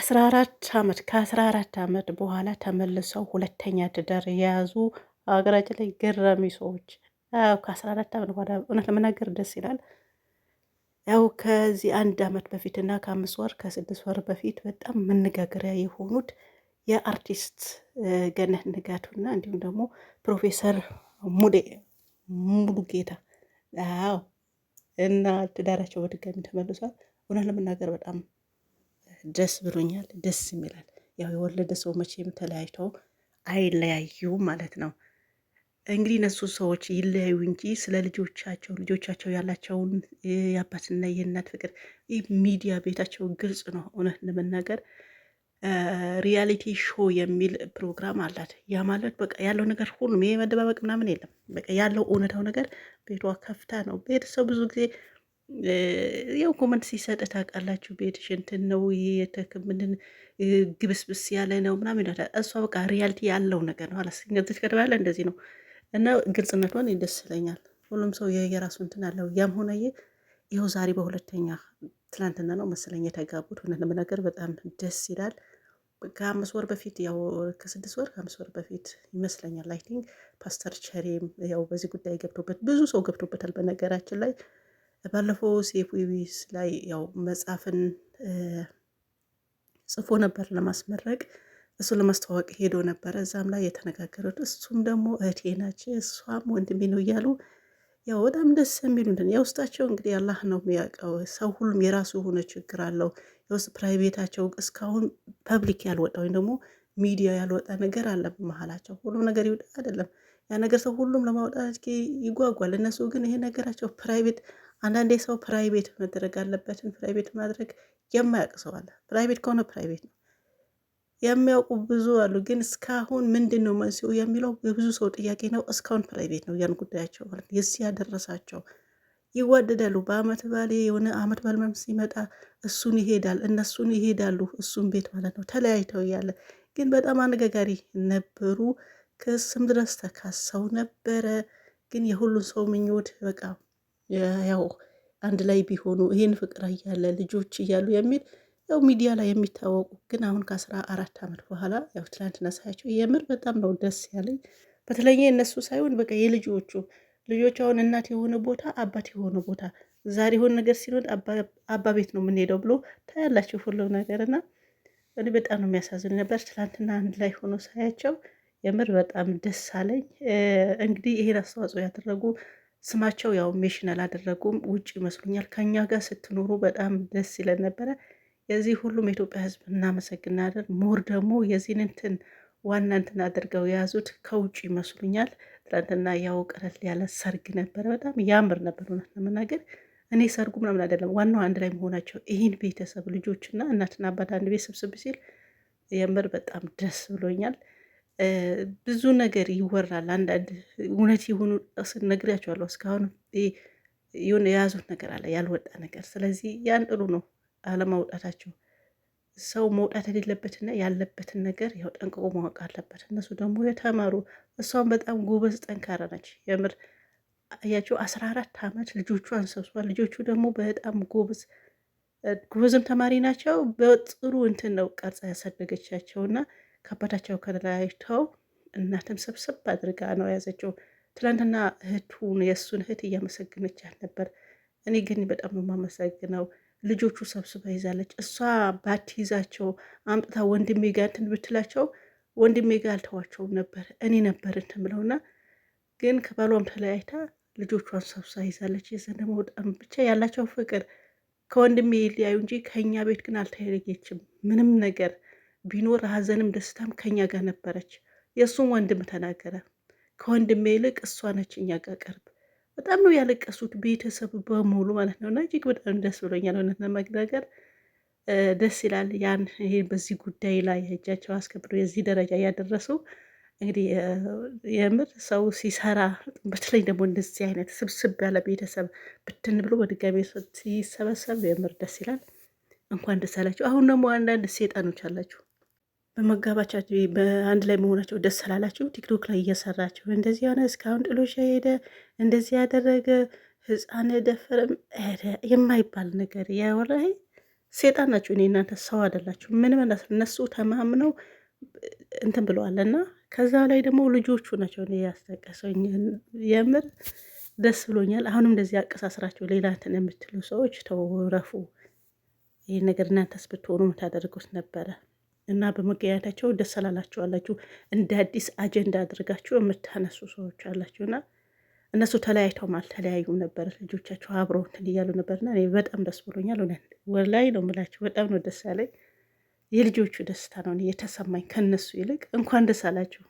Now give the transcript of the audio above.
አስራ አራት ዓመት ከአስራ አራት ዓመት በኋላ ተመልሰው ሁለተኛ ትዳር የያዙ ሀገራችን ላይ ገራሚ ሰዎች ያው ከአስራ አራት ዓመት በኋላ እውነት ለመናገር ደስ ይላል። ያው ከዚህ አንድ ዓመት በፊትና ከአምስት ወር ከስድስት ወር በፊት በጣም መነጋገሪያ የሆኑት የአርቲስት ገነት ንጋቱ ንጋቱና እንዲሁም ደግሞ ፕሮፌሰር ሙዴ ሙሉ ጌታ ያው እና ትዳራቸው በድጋሚ ተመልሷል። እውነት ለመናገር በጣም ደስ ብሎኛል። ደስ ይላል። ያው የወለደ ሰው መቼም ተለያይተው አይለያዩ ማለት ነው። እንግዲህ እነሱ ሰዎች ይለያዩ እንጂ ስለ ልጆቻቸው ልጆቻቸው ያላቸውን የአባትና የእናት ፍቅር ይህ ሚዲያ ቤታቸው ግልጽ ነው። እውነት ለመናገር ሪያሊቲ ሾው የሚል ፕሮግራም አላት። ያ ማለት በቃ ያለው ነገር ሁሉም ይሄ መደባበቅ ምናምን የለም። በቃ ያለው እውነታው ነገር ቤቷ ከፍታ ነው። ቤተሰብ ብዙ ጊዜ ያው ኮመንት ሲሰጥ ታውቃላችሁ፣ ቤትሽ እንትን ነው የተክምንን ግብስብስ ያለ ነው ምናምን ይላታል። እሷ በቃ ሪያልቲ ያለው ነገር ነው ኋላ ስገዝች ከተባለ እንደዚህ ነው እና ግልጽነቷን ደስ ይለኛል። ሁሉም ሰው የየራሱ እንትን አለው። ያም ሆነ ይኸው ዛሬ በሁለተኛ ትላንትና ነው መሰለኝ የተጋቡት። እውነት ነገር በጣም ደስ ይላል። ከአምስት ወር በፊት ያው ከስድስት ወር ከአምስት ወር በፊት ይመስለኛል አይ ቲንክ ፓስተር ቸሬም ያው በዚህ ጉዳይ ገብቶበት ብዙ ሰው ገብቶበታል በነገራችን ላይ ባለፈው ሴፍ ዊቢስ ላይ ያው መጽሐፍን ጽፎ ነበር ለማስመረቅ እሱ ለማስተዋወቅ ሄዶ ነበረ። እዛም ላይ የተነጋገሩት እሱም ደግሞ እህቴ ናች እሷም ወንድሜ ነው እያሉ ያው በጣም ደስ የሚሉ እንትን የውስጣቸው እንግዲህ አላህ ነው የሚያውቀው። ሰው ሁሉም የራሱ የሆነ ችግር አለው። የውስጥ ፕራይቬታቸው እስካሁን ፐብሊክ ያልወጣ ወይም ደግሞ ሚዲያ ያልወጣ ነገር አለ በመሀላቸው። ሁሉም ነገር ይውጣ አይደለም ያ ነገር ሰው ሁሉም ለማውጣት ይጓጓል። እነሱ ግን ይሄ ነገራቸው ፕራይቬት አንዳንዴ ሰው ፕራይቬት መደረግ አለበትን ፕራይቬት ማድረግ የማያውቅ ሰው አለ። ፕራይቬት ከሆነ ፕራይቬት ነው። የሚያውቁ ብዙ አሉ። ግን እስካሁን ምንድን ነው መንስኤው የሚለው የብዙ ሰው ጥያቄ ነው። እስካሁን ፕራይቬት ነው ያን ጉዳያቸው ማለት የዚህ ያደረሳቸው ይዋደዳሉ። በአመት ባሌ የሆነ አመት ባል መምስ ሲመጣ እሱን ይሄዳል እነሱን ይሄዳሉ እሱን ቤት ማለት ነው። ተለያይተው እያለ ግን በጣም አነጋጋሪ ነበሩ። ክስም ድረስ ተካሰው ነበረ። ግን የሁሉን ሰው ምኞት በቃ ያው አንድ ላይ ቢሆኑ ይህን ፍቅር እያለ ልጆች እያሉ የሚል ያው ሚዲያ ላይ የሚታወቁ ግን አሁን ከአስራ አራት ዓመት በኋላ ያው ትላንትና ሳያቸው የምር በጣም ነው ደስ ያለኝ። በተለየ እነሱ ሳይሆን በቃ የልጆቹ ልጆች አሁን እናት የሆነ ቦታ አባት የሆነ ቦታ ዛሬ የሆነ ነገር ሲሆን አባ ቤት ነው የምንሄደው ብሎ ታያላቸው ሁሉ ነገር እና እኔ በጣም ነው የሚያሳዝን ነበር። ትላንትና አንድ ላይ ሆኖ ሳያቸው የምር በጣም ደስ አለኝ። እንግዲህ ይሄን አስተዋጽኦ ያደረጉ ስማቸው ያው ሜሽን አላደረጉም ውጭ ይመስሉኛል። ከኛ ጋር ስትኖሩ በጣም ደስ ይለን ነበረ። የዚህ ሁሉም የኢትዮጵያ ህዝብ እናመሰግናለን። ሞር ደግሞ የዚህን እንትን ዋና እንትን አድርገው የያዙት ከውጭ ይመስሉኛል። ትላንትና ያው ቀለል ያለ ሰርግ ነበረ፣ በጣም ያምር ነበር። እውነት ለመናገር እኔ ሰርጉ ምናምን አይደለም፣ ዋናው አንድ ላይ መሆናቸው ይህን ቤተሰብ ልጆችና እናትና አባት አንድ ቤት ስብስብ ሲል የምር በጣም ደስ ብሎኛል። ብዙ ነገር ይወራል። አንዳንድ እውነት የሆኑ ነግሬያቸዋለሁ። እስካሁን የሆነ የያዙት ነገር አለ ያልወጣ ነገር። ስለዚህ ያን ጥሩ ነው አለማውጣታቸው። ሰው መውጣት የሌለበትና ያለበትን ነገር ያው ጠንቅቆ ማወቅ አለበት። እነሱ ደግሞ የተማሩ እሷን በጣም ጎበዝ ጠንካራ ነች። የምር አያቸው አስራ አራት ዓመት ልጆቹ አንሰብሷል። ልጆቹ ደግሞ በጣም ጎበዝ ጎበዝም ተማሪ ናቸው። በጥሩ እንትን ነው ቀርጻ ያሳደገቻቸውና ከአባታቸው ከላይተው እናትም ሰብሰብ አድርጋ ነው የያዘችው። ትላንትና እህቱን የእሱን እህት እያመሰግነች ነበር። እኔ ግን በጣም ነው የማመሰግነው። ልጆቹ ሰብስባ ይዛለች። እሷ ባትይዛቸው አምጥታ ወንድሜ ጋ እንትን ብትላቸው ወንድሜ ጋ አልተዋቸውም ነበር እኔ ነበር እንትን ብለውና ግን ከባሏም ተለያይታ ልጆቿን ሰብሳ ይዛለች። የዘን ብቻ ያላቸው ፍቅር ከወንድሜ ሊያዩ እንጂ ከእኛ ቤት ግን አልተለየችም ምንም ነገር ቢኖር ሀዘንም ደስታም ከኛ ጋር ነበረች። የእሱም ወንድም ተናገረ። ከወንድሜ ይልቅ እሷ ነች እኛ ጋር ቅርብ። በጣም ነው ያለቀሱት ቤተሰብ በሙሉ ማለት ነው። እና እጅግ በጣም ደስ ብሎኛል። እውነት ለመናገር ደስ ይላል። ያን ይሄ በዚህ ጉዳይ ላይ እጃቸው አስከብዶ የዚህ ደረጃ ያደረሰው እንግዲህ የምር ሰው ሲሰራ በተለይ ደግሞ እንደዚህ አይነት ስብስብ ያለ ቤተሰብ ብትን ብሎ በድጋሚ ሲሰበሰብ የምር ደስ ይላል። እንኳን ደስ አላችሁ። አሁን ደግሞ አንዳንድ ሴጣኖች አላችሁ በመጋባቻቸው በአንድ ላይ መሆናቸው ደስ ስላላቸው ቲክቶክ ላይ እየሰራቸው እንደዚህ ሆነ፣ እስካሁን ጥሎሻ ሄደ፣ እንደዚህ ያደረገ ህፃን ደፈረም ሄደ የማይባል ነገር ያወራ ሴጣን ናቸው። እኔ እናንተ ሰው አይደላችሁ። ምን ማለት እነሱ ተማምነው እንትን ብለዋል። እና ከዛ ላይ ደግሞ ልጆቹ ናቸው ያስጠቀሰኝ። የምር ደስ ብሎኛል። አሁንም እንደዚህ አቀሳስራቸው ሌላ እንትን የምትሉ ሰዎች ተወረፉ። ይህ ነገር እናንተስ ብትሆኑ የምታደርጉት ነበረ። እና በመገኘታቸው ደስ አላላችሁ አላችሁ። እንደ አዲስ አጀንዳ አድርጋችሁ የምታነሱ ሰዎች አላችሁ እና እነሱ ተለያይተውም አልተለያዩም ነበር። ልጆቻቸው አብረው እንትን እያሉ ነበርና እኔ በጣም ደስ ብሎኛል። እውነት ወላይ ነው የምላችሁ፣ በጣም ነው ደስ ያለኝ። የልጆቹ ደስታ ነው የተሰማኝ ከነሱ ይልቅ። እንኳን ደስ አላችሁ።